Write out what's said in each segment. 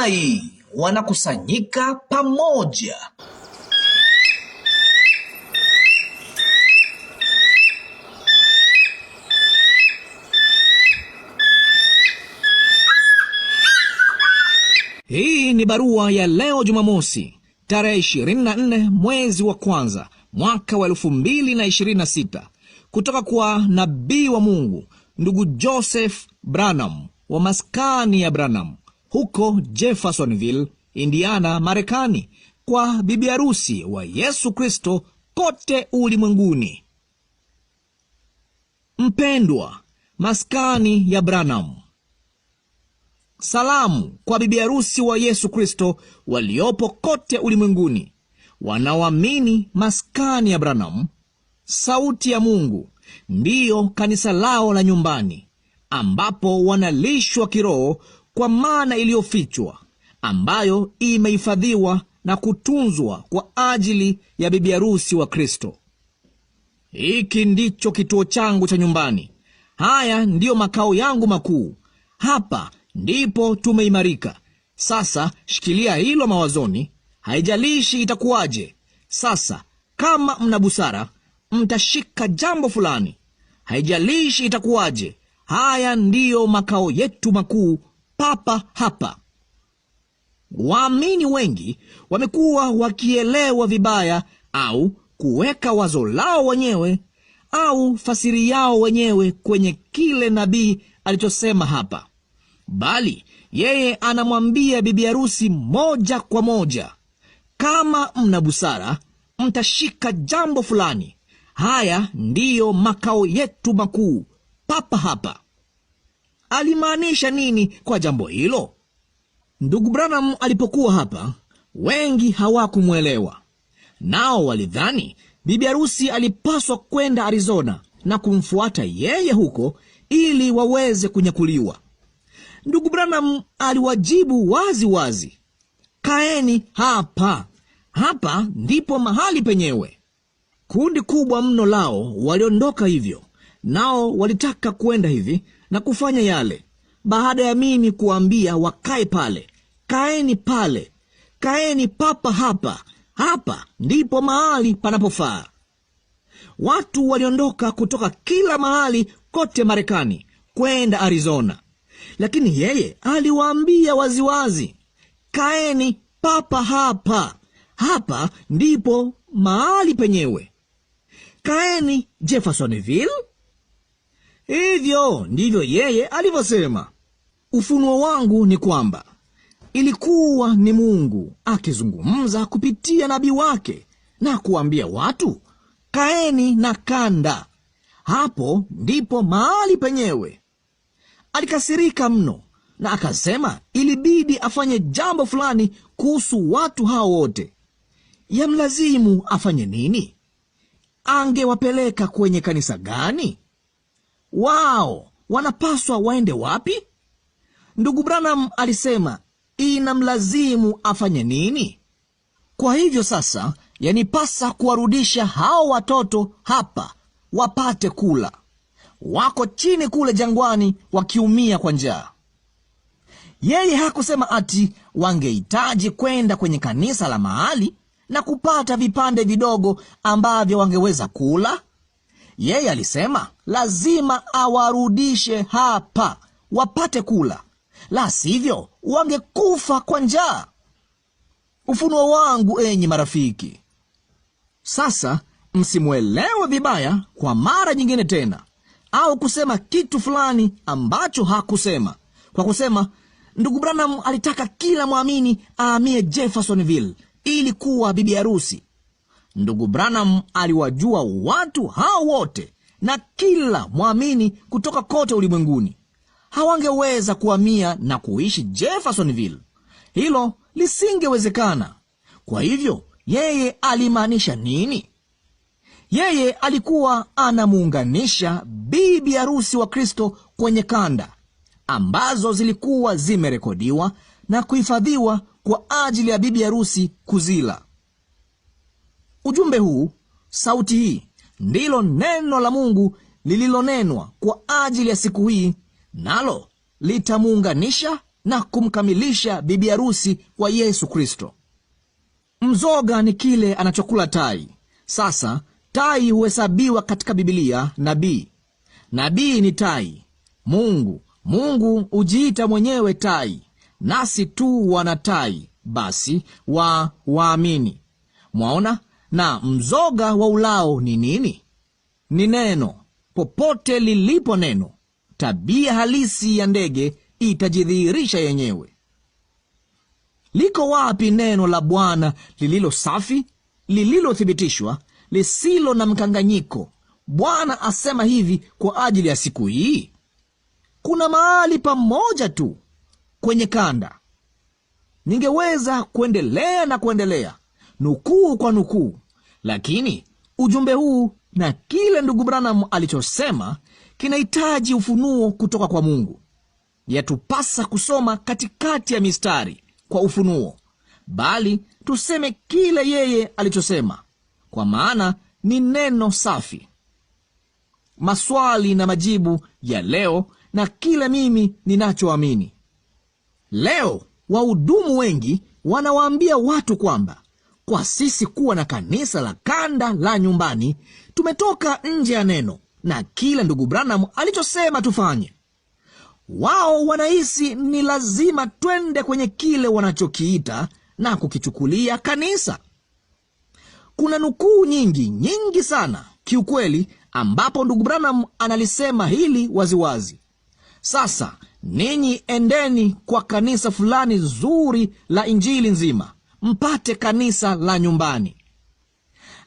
hai wanakusanyika pamoja. Hii ni barua ya leo Jumamosi, tarehe 24 mwezi wa kwanza mwaka wa 2026 kutoka kwa nabii wa Mungu ndugu Joseph Branham wa maskani ya Branham huko Jeffersonville, Indiana, Marekani, kwa bibi harusi wa Yesu Kristo kote ulimwenguni. Mpendwa, maskani ya Branham. Salamu kwa bibi harusi wa Yesu Kristo waliopo kote ulimwenguni wanaoamini maskani ya Branham, sauti ya Mungu, ndiyo kanisa lao la nyumbani ambapo wanalishwa kiroho kwa maana iliyofichwa ambayo imehifadhiwa na kutunzwa kwa ajili ya bibi harusi wa Kristo. Hiki ndicho kituo changu cha nyumbani, haya ndiyo makao yangu makuu, hapa ndipo tumeimarika. Sasa shikilia hilo mawazoni, haijalishi itakuwaje. Sasa kama mna busara, mtashika jambo fulani, haijalishi itakuwaje. Haya ndiyo makao yetu makuu papa hapa. Waamini wengi wamekuwa wakielewa vibaya au kuweka wazo lao wenyewe au fasiri yao wenyewe kwenye kile nabii alichosema hapa, bali yeye anamwambia bibi harusi moja kwa moja, kama mna busara mtashika jambo fulani. Haya ndiyo makao yetu makuu, papa hapa alimaanisha nini kwa jambo hilo? Ndugu Branham alipokuwa hapa, wengi hawakumwelewa, nao walidhani bibi harusi alipaswa kwenda Arizona na kumfuata yeye huko ili waweze kunyakuliwa. Ndugu Branham aliwajibu wazi wazi, kaeni hapa, hapa ndipo mahali penyewe. Kundi kubwa mno lao waliondoka hivyo, nao walitaka kwenda hivi na kufanya yale, baada ya mimi kuambia wakae pale. Kaeni pale, kaeni papa hapa, hapa ndipo mahali panapofaa. Watu waliondoka kutoka kila mahali kote Marekani kwenda Arizona, lakini yeye aliwaambia waziwazi, kaeni papa hapa, hapa ndipo mahali penyewe. Kaeni Jeffersonville, Hivyo ndivyo yeye alivyosema, ufunuo wangu ni kwamba ilikuwa ni Mungu akizungumza kupitia nabii wake na kuambia watu, kaeni na kanda. Hapo ndipo mahali penyewe. Alikasirika mno na akasema ilibidi afanye jambo fulani kuhusu watu hao wote. Yamlazimu afanye nini? Angewapeleka kwenye kanisa gani? wao wanapaswa waende wapi? Ndugu Branham alisema inamlazimu afanye nini? Kwa hivyo sasa yanipasa kuwarudisha hao watoto hapa wapate kula. Wako chini kule jangwani wakiumia kwa njaa. Yeye hakusema ati wangehitaji kwenda kwenye kanisa la mahali na kupata vipande vidogo ambavyo wangeweza kula. Yeye alisema lazima awarudishe hapa wapate kula, la sivyo wangekufa kwa njaa. Ufunuo wangu, enyi marafiki. Sasa msimwelewe vibaya kwa mara nyingine tena, au kusema kitu fulani ambacho hakusema, kwa kusema ndugu Branham alitaka kila mwamini ahamie Jeffersonville ili kuwa bibi harusi. Ndugu Branham aliwajua watu hao wote na kila mwamini kutoka kote ulimwenguni. Hawangeweza kuhamia na kuishi Jeffersonville, hilo lisingewezekana. Kwa hivyo yeye alimaanisha nini? Yeye alikuwa anamuunganisha bibi harusi wa Kristo kwenye kanda ambazo zilikuwa zimerekodiwa na kuhifadhiwa kwa ajili ya bibi harusi kuzila. Ujumbe huu, sauti hii, ndilo neno la Mungu lililonenwa kwa ajili ya siku hii, nalo litamuunganisha na kumkamilisha bibi harusi wa Yesu Kristo. Mzoga ni kile anachokula tai. Sasa tai huhesabiwa katika Bibilia nabii. Nabii ni tai. Mungu Mungu hujiita mwenyewe tai, nasi tu wana tai basi wa waamini. Mwaona, na mzoga wa ulao ni nini? Ni neno. Popote lilipo neno, tabia halisi ya ndege itajidhihirisha yenyewe. Liko wapi neno la Bwana lililo safi, lililothibitishwa, lisilo na mkanganyiko? Bwana asema hivi kwa ajili ya siku hii. Kuna mahali pamoja tu kwenye kanda. Ningeweza kuendelea na kuendelea, nukuu kwa nukuu, lakini ujumbe huu na kile ndugu Branham alichosema kinahitaji ufunuo kutoka kwa Mungu. Yatupasa kusoma katikati ya mistari kwa ufunuo, bali tuseme kile yeye alichosema, kwa maana ni neno safi. Maswali na majibu ya leo na kile mimi ninachoamini leo. Wahudumu wengi wanawaambia watu kwamba kwa sisi kuwa na kanisa la kanda la nyumbani, tumetoka nje ya neno na kila ndugu Branham alichosema tufanye. Wao wanahisi ni lazima twende kwenye kile wanachokiita na kukichukulia kanisa. Kuna nukuu nyingi nyingi sana kiukweli, ambapo ndugu Branham analisema hili waziwazi wazi. Sasa ninyi endeni kwa kanisa fulani zuri la injili nzima mpate kanisa la nyumbani.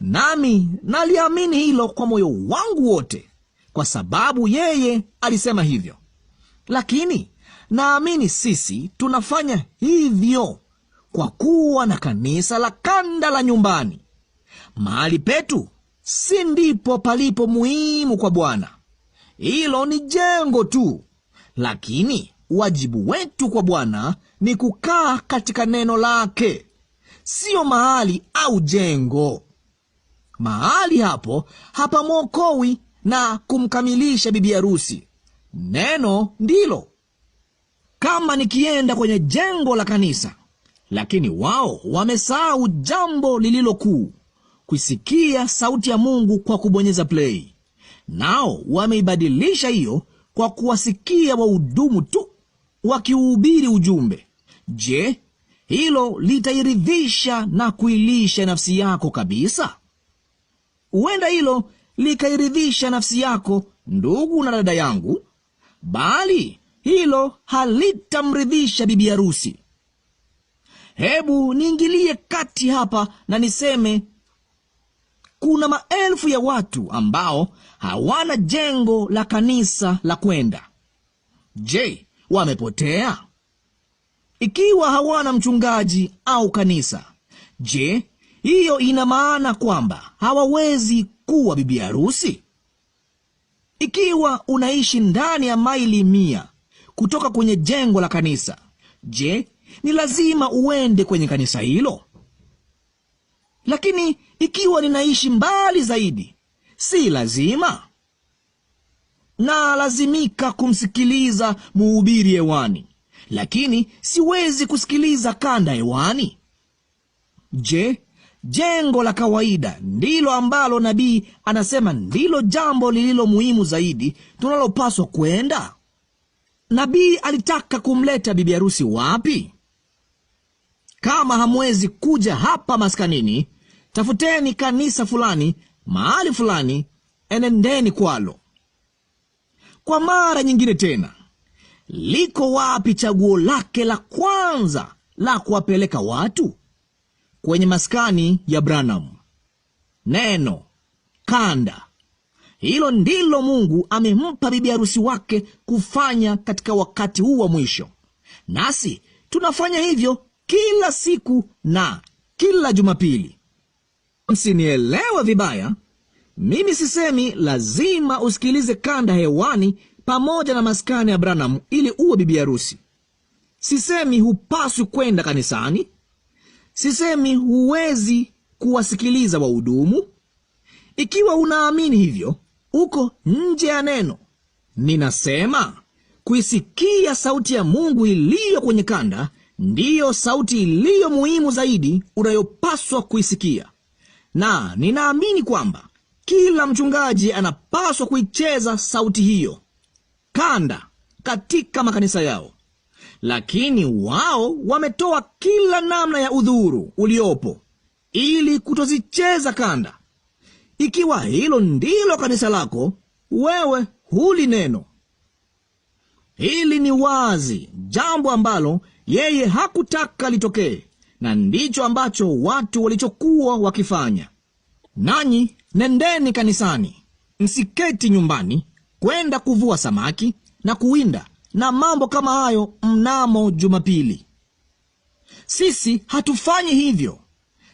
Nami naliamini hilo kwa moyo wangu wote, kwa sababu yeye alisema hivyo. Lakini naamini sisi tunafanya hivyo kwa kuwa na kanisa la kanda la nyumbani. Mahali petu si ndipo palipo muhimu kwa Bwana. Hilo ni jengo tu, lakini wajibu wetu kwa Bwana ni kukaa katika neno lake siyo mahali au jengo. Mahali hapo hapamwokowi na kumkamilisha bibi harusi. Neno ndilo. Kama nikienda kwenye jengo la kanisa, lakini wao wamesahau jambo lililo kuu, kuisikia sauti ya Mungu kwa kubonyeza play, nao wameibadilisha hiyo kwa kuwasikia wahudumu tu wakihubiri ujumbe. Je, hilo litairidhisha na kuilisha nafsi yako kabisa. Huenda hilo likairidhisha nafsi yako, ndugu na dada yangu, bali hilo halitamridhisha bibi harusi. Hebu niingilie kati hapa na niseme kuna maelfu ya watu ambao hawana jengo la kanisa la kwenda. Je, wamepotea? ikiwa hawana mchungaji au kanisa. Je, hiyo ina maana kwamba hawawezi kuwa bibi harusi? Ikiwa unaishi ndani ya maili mia kutoka kwenye jengo la kanisa, je, ni lazima uende kwenye kanisa hilo? Lakini ikiwa ninaishi mbali zaidi, si lazima. Nalazimika kumsikiliza mhubiri hewani lakini siwezi kusikiliza kanda hewani. Je, jengo la kawaida ndilo ambalo nabii anasema ndilo jambo lililo muhimu zaidi tunalopaswa kwenda? Nabii alitaka kumleta bibi harusi wapi? Kama hamwezi kuja hapa maskanini, tafuteni kanisa fulani mahali fulani, enendeni kwalo. Kwa mara nyingine tena Liko wapi chaguo lake la kwanza la kuwapeleka watu kwenye maskani ya Branham? Neno kanda. Hilo ndilo Mungu amempa bibi harusi wake kufanya katika wakati huu wa mwisho, nasi tunafanya hivyo kila siku na kila Jumapili. Msinielewe vibaya, mimi sisemi lazima usikilize kanda hewani pamoja na maskani ya ili uwe bibi harusi. Sisemi hupaswi kwenda kanisani, sisemi huwezi kuwasikiliza wahudumu. Ikiwa unaamini hivyo, uko nje ya neno. Ninasema kuisikia sauti ya Mungu iliyo kwenye kanda ndiyo sauti iliyo muhimu zaidi unayopaswa kuisikia, na ninaamini kwamba kila mchungaji anapaswa kuicheza sauti hiyo kanda katika makanisa yao, lakini wao wametoa kila namna ya udhuru uliopo ili kutozicheza kanda. Ikiwa hilo ndilo kanisa lako, wewe huli neno. Hili ni wazi, jambo ambalo yeye hakutaka litokee, na ndicho ambacho watu walichokuwa wakifanya. Nanyi nendeni kanisani, msiketi nyumbani, kwenda kuvua samaki na kuwinda na mambo kama hayo mnamo Jumapili. Sisi hatufanyi hivyo.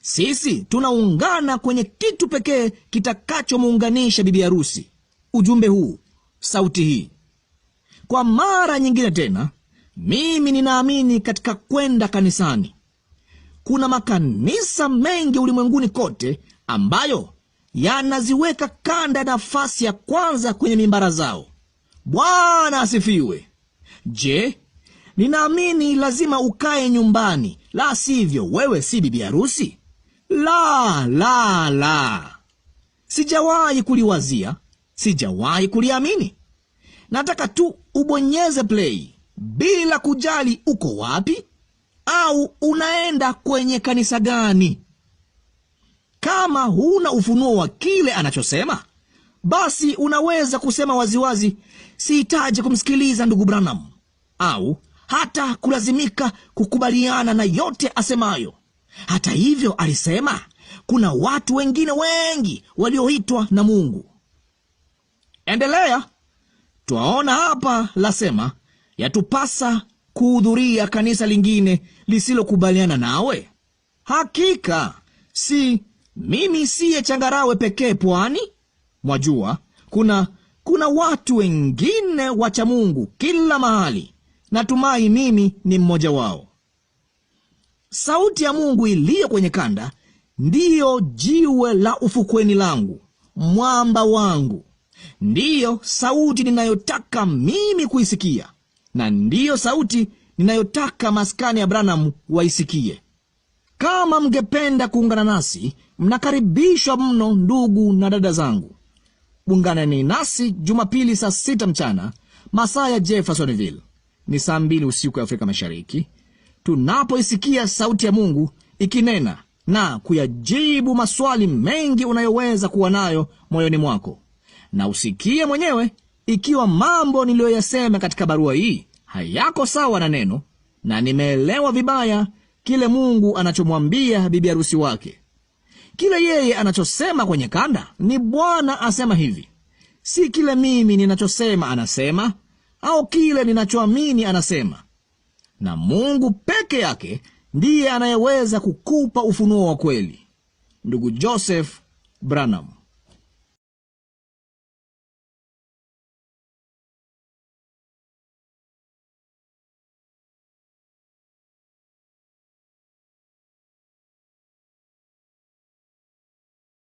Sisi tunaungana kwenye kitu pekee kitakachomuunganisha bibi harusi, ujumbe huu, sauti hii. Kwa mara nyingine tena, mimi ninaamini katika kwenda kanisani. Kuna makanisa mengi ulimwenguni kote ambayo yanaziweka kanda nafasi ya kwanza kwenye mimbara zao. Bwana asifiwe. Je, ninaamini lazima ukae nyumbani, la sivyo wewe si bibi harusi? La, la, la, sijawahi kuliwazia, sijawahi kuliamini. Nataka tu ubonyeze play bila kujali uko wapi au unaenda kwenye kanisa gani. Kama huna ufunuo wa kile anachosema, basi unaweza kusema waziwazi, sihitaji kumsikiliza ndugu Branham au hata kulazimika kukubaliana na yote asemayo. Hata hivyo, alisema kuna watu wengine wengi walioitwa na Mungu. Endelea. Twaona hapa lasema, yatupasa kuhudhuria kanisa lingine lisilokubaliana nawe. Hakika si mimi siye changarawe pekee pwani, mwajua kuna kuna watu wengine wacha Mungu kila mahali. Natumai mimi ni mmoja wao. Sauti ya Mungu iliyo kwenye kanda ndiyo jiwe la ufukweni langu, mwamba wangu. Ndiyo sauti ninayotaka mimi kuisikia, na ndiyo sauti ninayotaka maskani ya Branham waisikie. Kama mngependa kuungana nasi, mnakaribishwa mno, ndugu na dada zangu. Unganeni nasi Jumapili saa sita mchana masaa ya Jeffersonville, ni saa mbili usiku ya Afrika Mashariki, tunapoisikia sauti ya Mungu ikinena na kuyajibu maswali mengi unayoweza kuwa nayo moyoni mwako, na usikie mwenyewe ikiwa mambo niliyoyasema katika barua hii hayako sawa na neno na nimeelewa vibaya kile Mungu anachomwambia bibi harusi wake, kile yeye anachosema kwenye kanda. Ni Bwana asema hivi, si kile mimi ninachosema anasema, au kile ninachoamini anasema. Na Mungu peke yake ndiye anayeweza kukupa ufunuo wa kweli. Ndugu Joseph Branham.